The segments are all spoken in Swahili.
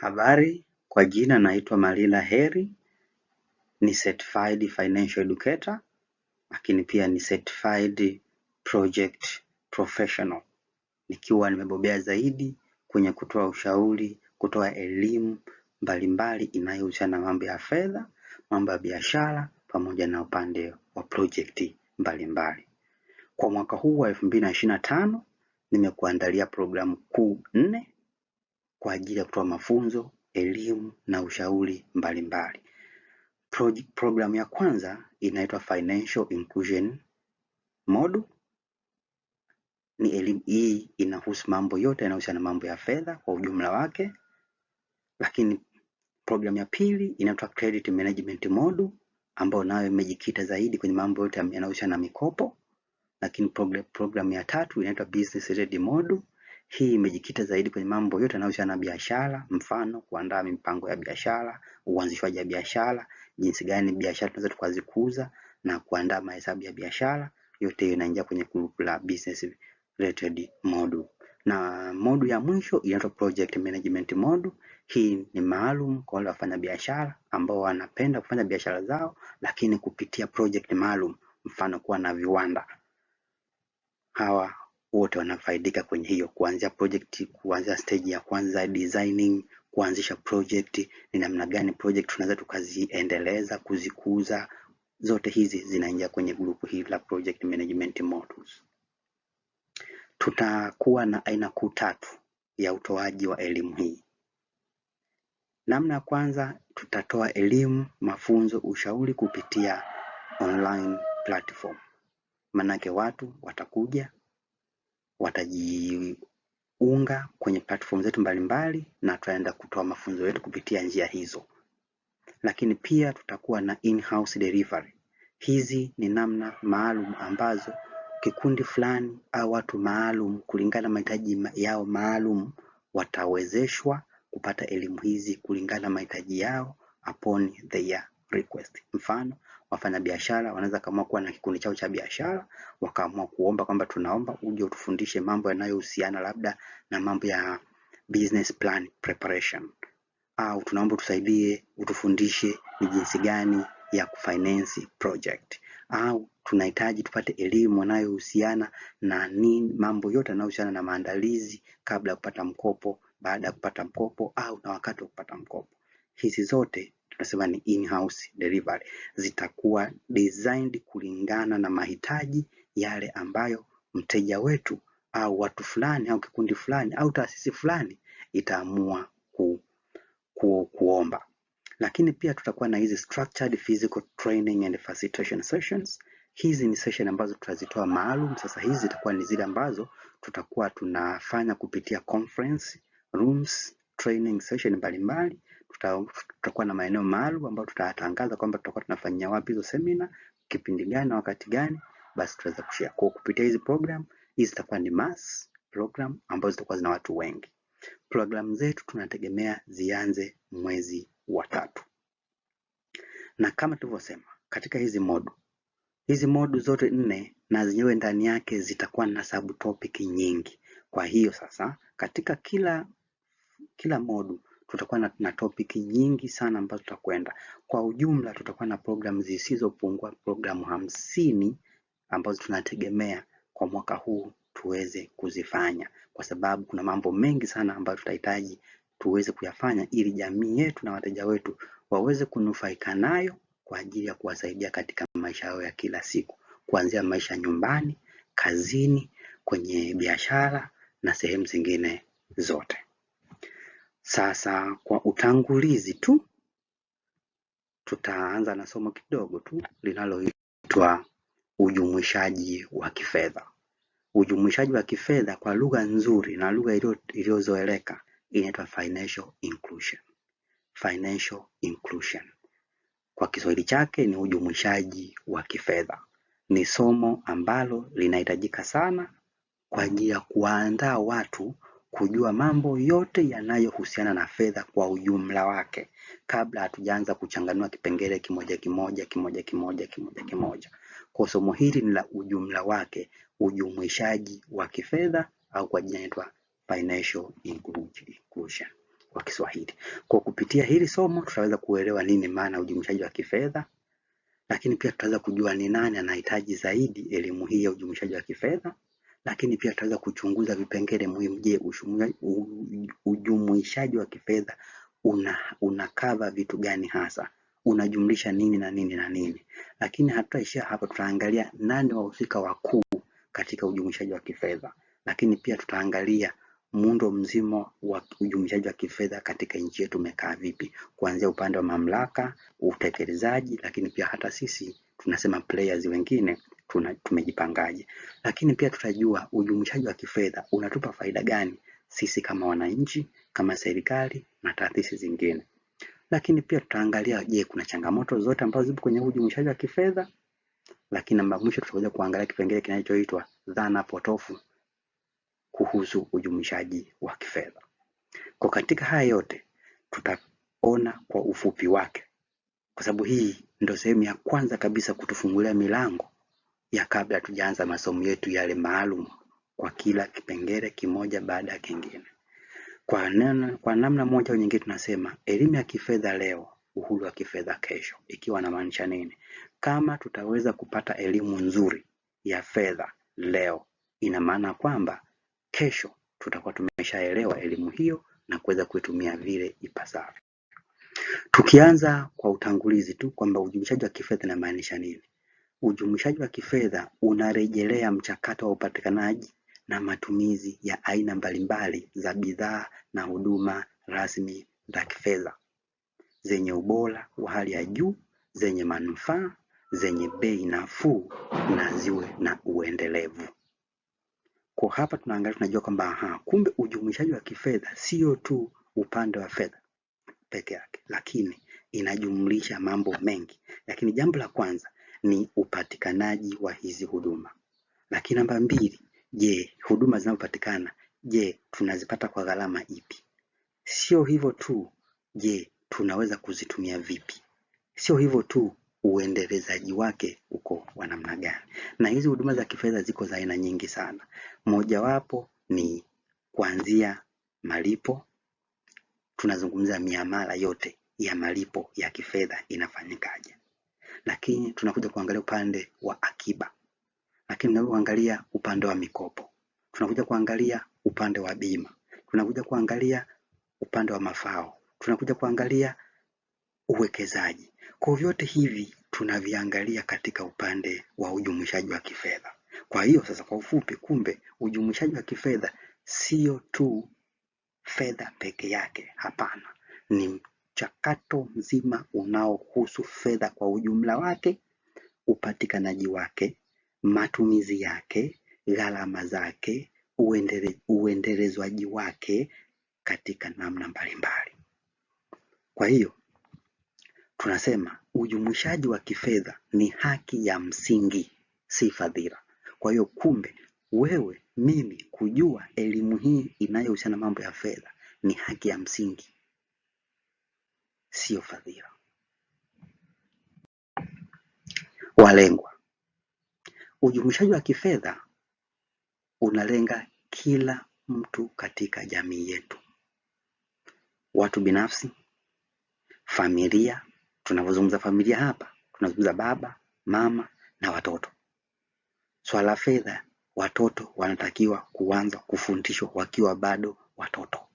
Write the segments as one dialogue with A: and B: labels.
A: Habari, kwa jina naitwa malila Heri, ni certified financial educator lakini pia ni certified project professional nikiwa nimebobea zaidi kwenye kutoa ushauri, kutoa elimu mbalimbali inayohusiana na mambo ya fedha, mambo ya biashara pamoja na upande wa projekti mbalimbali. Kwa mwaka huu wa 2025 nimekuandalia programu kuu nne kwa ajili ya kutoa mafunzo, elimu na ushauri mbalimbali. Programu ya kwanza inaitwa Financial Inclusion Module. Ni elimu hii inahusu mambo yote yanayohusiana na mambo ya fedha kwa ujumla wake, lakini programu ya pili inaitwa Credit Management Module ambayo nayo imejikita zaidi kwenye mambo yote yanayohusiana na mikopo, lakini programu ya tatu inaitwa Business Ready Module hii imejikita zaidi kwenye mambo yote yanayohusiana na biashara, mfano kuandaa mipango ya biashara, uanzishwaji wa biashara, jinsi gani biashara tunaweza tukazikuza na kuandaa mahesabu ya biashara. Yote hiyo inaingia kwenye group la business related module, na module ya mwisho inaitwa project management module. Hii ni maalum kwa wale wafanya biashara ambao wanapenda kufanya biashara zao, lakini kupitia project maalum, mfano kuwa na viwanda hawa wote wanafaidika kwenye hiyo kuanzia project kuanzia stage ya kwanza designing kuanzisha project ni namna gani project tunaweza tukaziendeleza kuzikuza zote hizi zinaingia kwenye grupu hii la project management modules tutakuwa na aina kuu tatu ya utoaji wa elimu hii namna ya kwanza tutatoa elimu mafunzo ushauri kupitia online platform manake watu watakuja watajiunga kwenye platform zetu mbalimbali na tutaenda kutoa mafunzo yetu kupitia njia hizo, lakini pia tutakuwa na in-house delivery. Hizi ni namna maalum ambazo kikundi fulani au watu maalum kulingana na mahitaji yao maalum watawezeshwa kupata elimu hizi kulingana na mahitaji yao upon the year request. Mfano, wafanyabiashara wanaweza kama kuwa na kikundi chao cha biashara, wakaamua kuomba kwamba tunaomba uje utufundishe mambo yanayohusiana labda na mambo ya business plan preparation, au tunaomba utusaidie utufundishe ni jinsi gani ya kufinance project, au tunahitaji tupate elimu inayohusiana na nini, mambo yote yanayohusiana na maandalizi kabla ya kupata mkopo, baada ya kupata mkopo, au na wakati wa kupata mkopo. Hizi zote tunasema ni in-house delivery, zitakuwa designed kulingana na mahitaji yale ambayo mteja wetu au watu fulani au kikundi fulani au taasisi fulani itaamua ku, ku, kuomba. Lakini pia tutakuwa na hizi structured physical training and facilitation sessions. Hizi ni session ambazo tutazitoa maalum. Sasa hizi zitakuwa ni zile ambazo tutakuwa tunafanya kupitia conference rooms, training session mbalimbali tutakuwa na maeneo maalum ambayo tutatangaza kwamba tutakuwa tunafanyia wapi hizo semina, kipindi gani na wakati gani, basi tutaweza kushare kwa kupitia hizi program. Hizi zitakuwa ni mass program ambazo zitakuwa zina watu wengi. Program zetu tunategemea zianze mwezi wa tatu, na kama tulivyosema katika hizi modu hizi modu zote nne na zenyewe ndani yake zitakuwa na subtopic nyingi. Kwa hiyo sasa, katika kila kila modu tutakuwa na, na topic nyingi sana ambazo tutakwenda. Kwa ujumla tutakuwa na program zisizopungua programu hamsini ambazo tunategemea kwa mwaka huu tuweze kuzifanya, kwa sababu kuna mambo mengi sana ambayo tutahitaji tuweze kuyafanya ili jamii yetu na wateja wetu waweze kunufaika nayo kwa ajili ya kuwasaidia katika maisha yao ya kila siku, kuanzia maisha nyumbani, kazini, kwenye biashara na sehemu zingine zote. Sasa kwa utangulizi tu tutaanza na somo kidogo tu linaloitwa ujumuishaji wa kifedha. Ujumuishaji wa kifedha kwa lugha nzuri na lugha iliyozoeleka inaitwa financial inclusion. Financial inclusion kwa Kiswahili chake ni ujumuishaji wa kifedha. Ni somo ambalo linahitajika sana kwa ajili ya kuwaandaa watu kujua mambo yote yanayohusiana na fedha kwa ujumla wake kabla hatujaanza kuchanganua kipengele kimoja kimoja kimoja kimoja kimoja kimoja. Kwa somo hili ni la ujumla wake, ujumuishaji wa kifedha au kwa jina inaitwa financial inclusion kwa Kiswahili. Kwa kupitia hili somo tutaweza kuelewa nini maana ujumuishaji wa kifedha, lakini pia tutaweza kujua ni nani anahitaji zaidi elimu hii ya ujumuishaji wa kifedha lakini pia tutaweza kuchunguza vipengele muhimu. Je, ujumuishaji wa kifedha una unakava vitu gani hasa, unajumlisha nini na nini na nini. Lakini hatutaishia hapo, tutaangalia nani wahusika wakuu katika ujumuishaji wa kifedha, lakini pia tutaangalia muundo mzima wa ujumuishaji wa kifedha katika nchi yetu umekaa vipi, kuanzia upande wa mamlaka, utekelezaji, lakini pia hata sisi tunasema players wengine tuna, tumejipangaje. Lakini pia tutajua ujumuishaji wa kifedha unatupa faida gani sisi kama wananchi, kama serikali na taasisi zingine. Lakini pia tutaangalia, je, kuna changamoto zote ambazo zipo kwenye ujumuishaji wa kifedha. Lakini mwisho tutakuja kuangalia kipengele kinachoitwa dhana potofu kuhusu ujumuishaji wa kifedha. Kwa katika haya yote tutaona kwa ufupi wake, kwa sababu hii ndo sehemu ya kwanza kabisa kutufungulia milango ya kabla tujaanza masomo yetu yale maalum kwa kila kipengele kimoja baada ya kingine. Kwa, nana, kwa namna moja au nyingine tunasema elimu ya kifedha leo, uhuru wa kifedha kesho, ikiwa namaanisha nini? Kama tutaweza kupata elimu nzuri ya fedha leo, ina maana kwamba kesho tutakuwa tumeshaelewa elimu hiyo na kuweza kuitumia vile ipasavyo. Tukianza kwa utangulizi tu kwamba ujumishaji wa kifedha inamaanisha nini? Ujumuishaji wa kifedha unarejelea mchakato wa upatikanaji na matumizi ya aina mbalimbali za bidhaa na huduma rasmi za kifedha zenye ubora wa hali ya juu, zenye manufaa, zenye bei nafuu na ziwe na uendelevu. Kwa hapa tunaangalia tunajua kwamba kumbe ujumuishaji wa kifedha sio tu upande wa fedha peke yake, lakini inajumlisha mambo mengi. Lakini jambo la kwanza ni upatikanaji wa hizi huduma. Lakini namba mbili, je, huduma zinazopatikana, je, tunazipata kwa gharama ipi? Sio hivyo tu, je, tunaweza kuzitumia vipi? Sio hivyo tu, uendelezaji wake uko wa namna gani? Na hizi huduma za kifedha ziko za aina nyingi sana. Mojawapo ni kuanzia malipo, tunazungumza miamala yote ya malipo ya kifedha inafanyikaje lakini tunakuja kuangalia upande wa akiba, lakini tunapoangalia upande wa mikopo, tunakuja kuangalia upande wa bima, tunakuja kuangalia upande wa mafao, tunakuja kuangalia uwekezaji. Kwa vyote hivi tunaviangalia katika upande wa ujumuishaji wa kifedha. Kwa hiyo sasa, kwa ufupi, kumbe ujumuishaji wa kifedha sio tu fedha peke yake, hapana, ni mchakato mzima unaohusu fedha kwa ujumla wake, upatikanaji wake, matumizi yake, gharama zake, uendelezwaji wake katika namna mbalimbali. Kwa hiyo tunasema ujumuishaji wa kifedha ni haki ya msingi, si fadhila. Kwa hiyo kumbe, wewe, mimi kujua elimu hii inayohusiana na mambo ya fedha ni haki ya msingi sio fadhila. Walengwa, ujumuishaji wa kifedha unalenga kila mtu katika jamii yetu, watu binafsi, familia. Tunavyozungumza familia hapa, tunazungumza baba, mama na watoto. Swala la fedha, watoto wanatakiwa kuanza kufundishwa wakiwa bado watoto,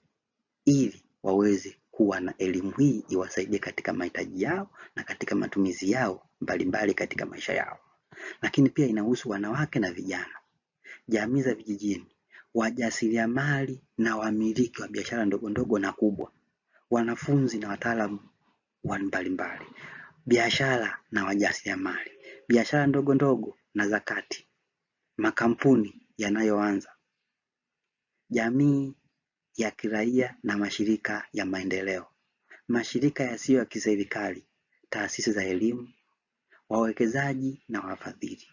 A: ili waweze kuwa na elimu hii iwasaidie katika mahitaji yao na katika matumizi yao mbalimbali katika maisha yao. Lakini pia inahusu wanawake na vijana, jamii za vijijini, wajasiriamali na wamiliki wa biashara ndogo ndogo na kubwa, wanafunzi na wataalamu mbalimbali, biashara na wajasiriamali, biashara ndogo ndogo na za kati, makampuni yanayoanza, jamii ya kiraia na mashirika ya maendeleo, mashirika yasiyo ya kiserikali, taasisi za elimu, wawekezaji na wafadhili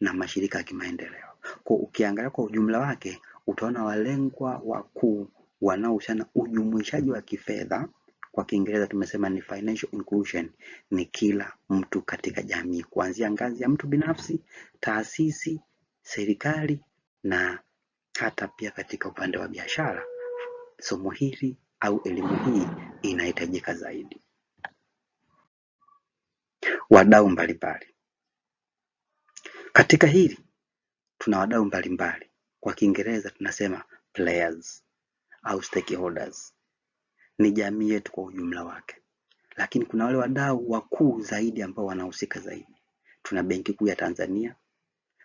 A: na mashirika ya kimaendeleo. Kwa ukiangalia kwa ujumla wake, utaona walengwa wakuu wanaohusiana ujumuishaji wa kifedha kwa Kiingereza tumesema ni financial inclusion, ni kila mtu katika jamii kuanzia ngazi ya mtu binafsi, taasisi, serikali na hata pia katika upande wa biashara Somo hili au elimu hii inahitajika zaidi. Wadau mbalimbali katika hili, tuna wadau mbalimbali, kwa Kiingereza tunasema players au stakeholders, ni jamii yetu kwa ujumla wake, lakini kuna wale wadau wakuu zaidi ambao wanahusika zaidi. Tuna Benki Kuu ya Tanzania,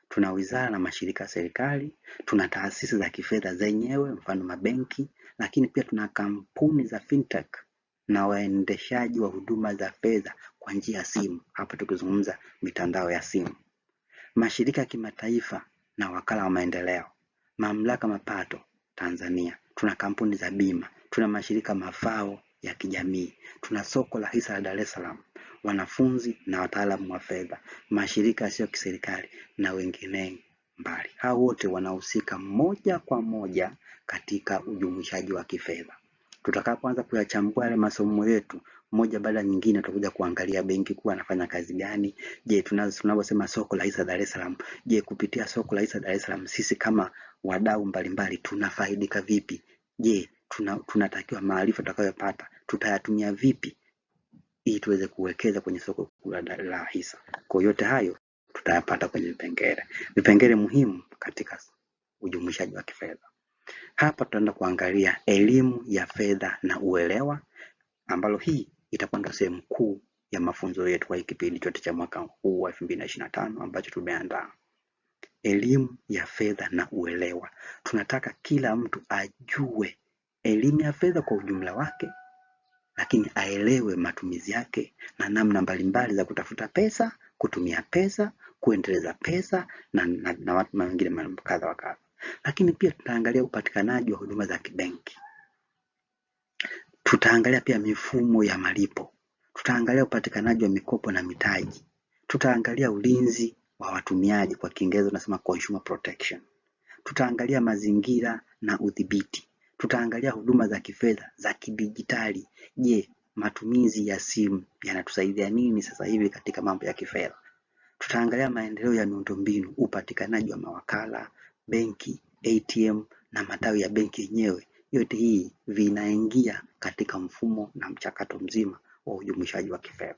A: tuna wizara na mashirika ya serikali, tuna taasisi za kifedha zenyewe, mfano mabenki, lakini pia tuna kampuni za fintech na waendeshaji wa huduma za fedha kwa njia ya simu, hapa tukizungumza mitandao ya simu, mashirika ya kimataifa na wakala wa maendeleo, mamlaka mapato Tanzania, tuna kampuni za bima, tuna mashirika mafao ya kijamii, tuna soko la hisa la Dar es Salaam, wanafunzi na wataalamu wa fedha, mashirika yasiyo kiserikali na wengineo mbali. Hao wote wanahusika moja kwa moja katika ujumuishaji wa kifedha. Tutakapoanza kuyachambua yale masomo yetu moja baada nyingine, tutakuja kuangalia benki kuu anafanya kazi gani. Je, tunazo tunaposema soko la hisa Dar es Salaam, je, kupitia soko la hisa Dar es Salaam sisi kama wadau mbalimbali tunafaidika vipi? Je, tuna, tunatakiwa maarifa tutakayopata tutayatumia vipi ili tuweze kuwekeza kwenye soko la hisa. Kwa yote hayo tutayapata kwenye vipengele vipengele muhimu katika ujumuishaji wa kifedha. Hapa tutaenda kuangalia elimu ya fedha na uelewa, ambalo hii itakuwa ndio sehemu kuu ya mafunzo yetu kwa kipindi chote cha mwaka huu wa 2025 ambacho tumeandaa. Elimu ya fedha na uelewa, tunataka kila mtu ajue elimu ya fedha kwa ujumla wake, lakini aelewe matumizi yake na namna mbalimbali za kutafuta pesa kutumia pesa, kuendeleza pesa na, na, na watu wengine kadha wa kadha. Lakini pia tutaangalia upatikanaji wa huduma za kibenki, tutaangalia pia mifumo ya malipo, tutaangalia upatikanaji wa mikopo na mitaji, tutaangalia ulinzi wa watumiaji, kwa Kiingereza tunasema consumer protection, tutaangalia mazingira na udhibiti, tutaangalia huduma za kifedha za kidijitali. Je, matumizi ya simu yanatusaidia nini sasa hivi katika mambo ya kifedha. Tutaangalia maendeleo ya miundombinu, upatikanaji wa mawakala, benki, ATM na matawi ya benki yenyewe. Yote hii vinaingia katika mfumo na mchakato mzima wa ujumuishaji wa kifedha.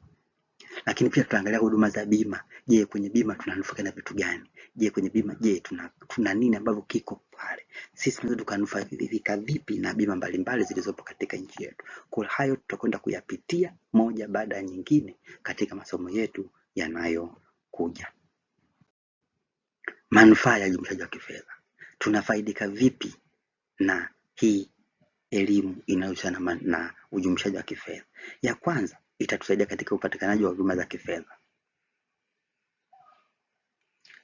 A: Lakini pia tutaangalia huduma za bima. Je, kwenye bima tunanufaika na vitu gani? Je, kwenye bima je, tuna, tuna nini ambavyo kiko pale? Sisi tunaweza tukanufaika vipi na bima mbalimbali zilizopo katika nchi yetu? Kwa hayo tutakwenda kuyapitia moja baada ya nyingine katika masomo yetu yanayokuja. Manufaa ya ujumuishaji wa kifedha, tunafaidika vipi na hii elimu inayohusiana na ujumuishaji wa kifedha? Ya kwanza itatusaidia katika upatikanaji wa huduma za kifedha.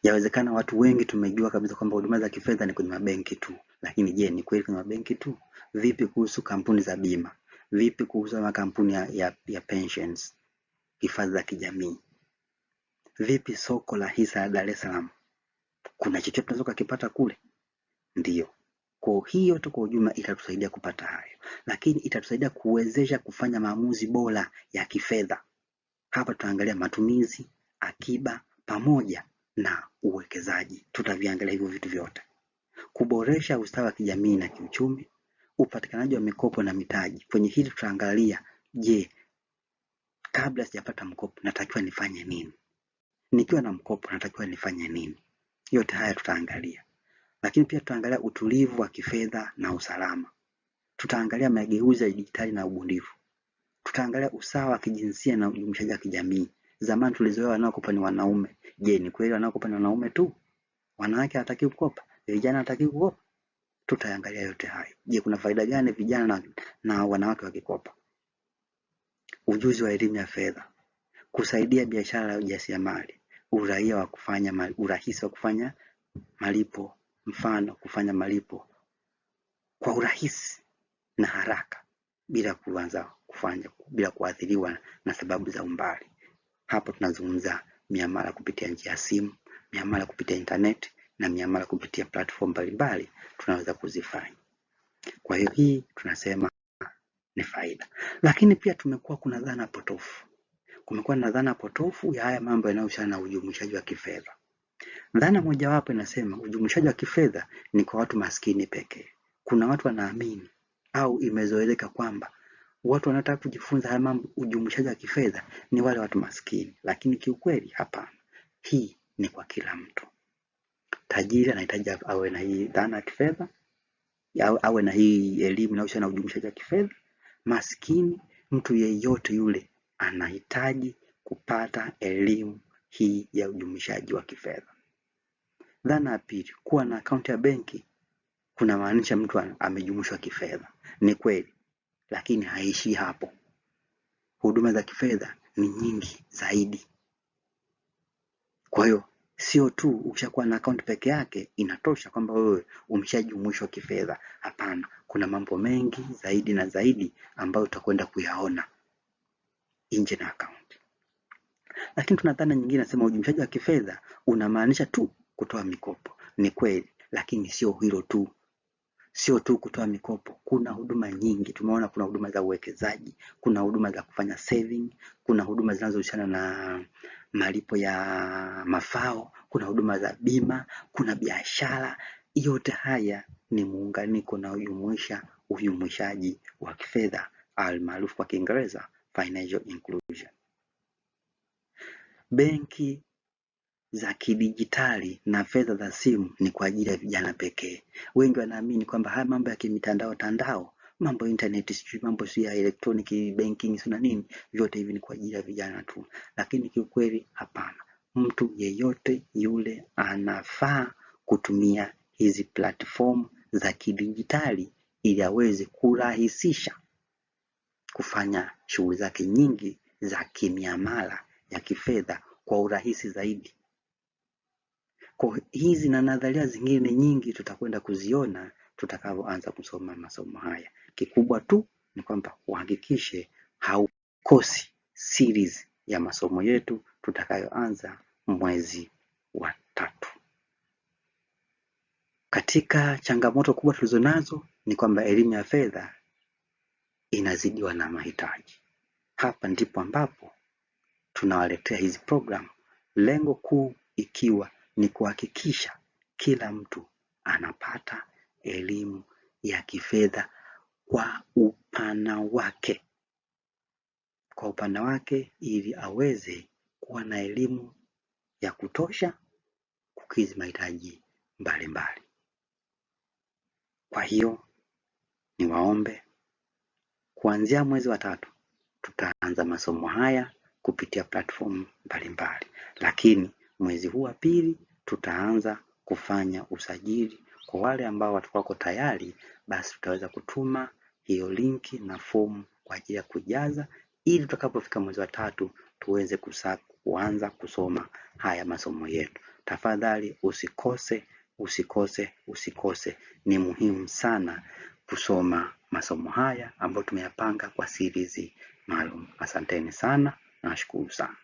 A: Yawezekana watu wengi tumejua kabisa kwamba huduma za kifedha ni kwenye mabenki tu, lakini je, ni kweli kwenye mabenki tu? Vipi kuhusu kampuni za bima? Vipi kuhusu makampuni ya, ya, ya pensions, hifadhi za kijamii? Vipi soko la hisa ya Dar es Salaam? Kuna chochote tunaweza kukipata kule? Ndiyo, kwa hiyo tu kwa ujumla itatusaidia kupata hayo, lakini itatusaidia kuwezesha kufanya maamuzi bora ya kifedha. Hapa tutaangalia matumizi, akiba pamoja na uwekezaji, tutaviangalia hivyo vitu vyote. Kuboresha ustawi wa kijamii na kiuchumi, upatikanaji wa mikopo na mitaji. Kwenye hili tutaangalia, je, kabla sijapata mkopo natakiwa nifanye nini? Nikiwa na mkopo natakiwa nifanye nini? Yote haya tutaangalia. Lakini pia tutaangalia utulivu wa kifedha na usalama. Tutaangalia mageuzi ya dijitali na ubunifu. Tutaangalia usawa wa kijinsia na ujumuishaji wa kijamii. Zamani tulizoea wanaokopa ni wanaume. Je, ni kweli wanaokopa ni wanaume tu? Wanawake hawataki kukopa? Vijana hawataki kukopa? Tutaangalia yote hayo. Je, kuna faida gani vijana na, na wanawake wakikopa? Ujuzi wa elimu ya fedha, kusaidia biashara ya ujasiriamali, uraia wa kufanya urahisi wa kufanya malipo mfano kufanya malipo kwa urahisi na haraka bila kuanza kufanya bila kuathiriwa na sababu za umbali. Hapo tunazungumza miamala kupitia njia ya simu, miamala kupitia internet na miamala kupitia platform mbalimbali tunaweza kuzifanya. Kwa hiyo hii tunasema ni faida, lakini pia tumekuwa kuna dhana potofu, kumekuwa na dhana potofu ya haya mambo yanayohusiana na ujumuishaji wa kifedha. Dhana mojawapo inasema ujumuishaji wa kifedha ni kwa watu maskini pekee. Kuna watu wanaamini au imezoeleka kwamba watu wanaotaka kujifunza haya mambo ujumuishaji wa kifedha ni wale watu maskini, lakini kiukweli hapana, hii ni kwa kila mtu. Tajiri anahitaji awe na hii dhana ya kifedha, awe na hii elimu inayohusiana na ujumuishaji wa kifedha. Maskini, mtu yeyote yule, anahitaji kupata elimu hii ya ujumuishaji wa kifedha. Dhana ya pili, kuwa na akaunti ya benki maanisha mtu amejumuishwa kifedha. Ni kweli, lakini haishii hapo. Huduma za kifedha ni nyingi zaidi. Kwa hiyo sio tu ukishakuwa na akaunti peke yake inatosha kwamba wewe umeshajumuishwa kifedha. Hapana, kuna mambo mengi zaidi na zaidi ambayo utakwenda kuyaona nje na akaunti. Lakini tuna dhana nyingine nasema ujumishaji wa kifedha unamaanisha tu kutoa mikopo. Ni kweli, lakini sio hilo tu, sio tu kutoa mikopo. Kuna huduma nyingi, tumeona kuna huduma za uwekezaji, kuna huduma za kufanya saving, kuna huduma zinazohusiana na malipo ya mafao, kuna huduma za bima, kuna biashara. Yote haya ni muunganiko ujumuisha ujumuishaji wa kifedha almaarufu kwa Kiingereza financial inclusion. Benki za kidijitali na fedha za simu ni kwa ajili ya vijana pekee. Wengi wanaamini kwamba haya mambo ya kimitandao tandao, mambo ya internet, sijui mambo si ya electronic banking si na nini, vyote hivi ni kwa ajili ya vijana tu, lakini kiukweli hapana. Mtu yeyote yule anafaa kutumia hizi platform za kidijitali ili aweze kurahisisha kufanya shughuli zake nyingi za kimiamala ya kifedha kwa urahisi zaidi. Kwa hizi na nadharia zingine nyingi tutakwenda kuziona tutakavyoanza kusoma masomo haya. Kikubwa tu ni kwamba uhakikishe haukosi series ya masomo yetu tutakayoanza mwezi wa tatu. Katika changamoto kubwa tulizonazo ni kwamba elimu ya fedha inazidiwa na mahitaji. Hapa ndipo ambapo tunawaletea hizi programu, lengo kuu ikiwa ni kuhakikisha kila mtu anapata elimu ya kifedha kwa upana wake, kwa upana wake ili aweze kuwa na elimu ya kutosha kukidhi mahitaji mbalimbali. Kwa hiyo niwaombe kuanzia mwezi wa tatu tutaanza masomo haya kupitia platform mbalimbali, lakini mwezi huu wa pili tutaanza kufanya usajili kwa wale ambao watakuwako tayari, basi tutaweza kutuma hiyo linki na fomu kwa ajili ya kujaza, ili tutakapofika mwezi wa tatu tuweze kusa, kuanza kusoma haya masomo yetu. Tafadhali usikose, usikose, usikose. Ni muhimu sana kusoma masomo haya ambayo tumeyapanga kwa series maalum. Asanteni sana. Nashukuru sana.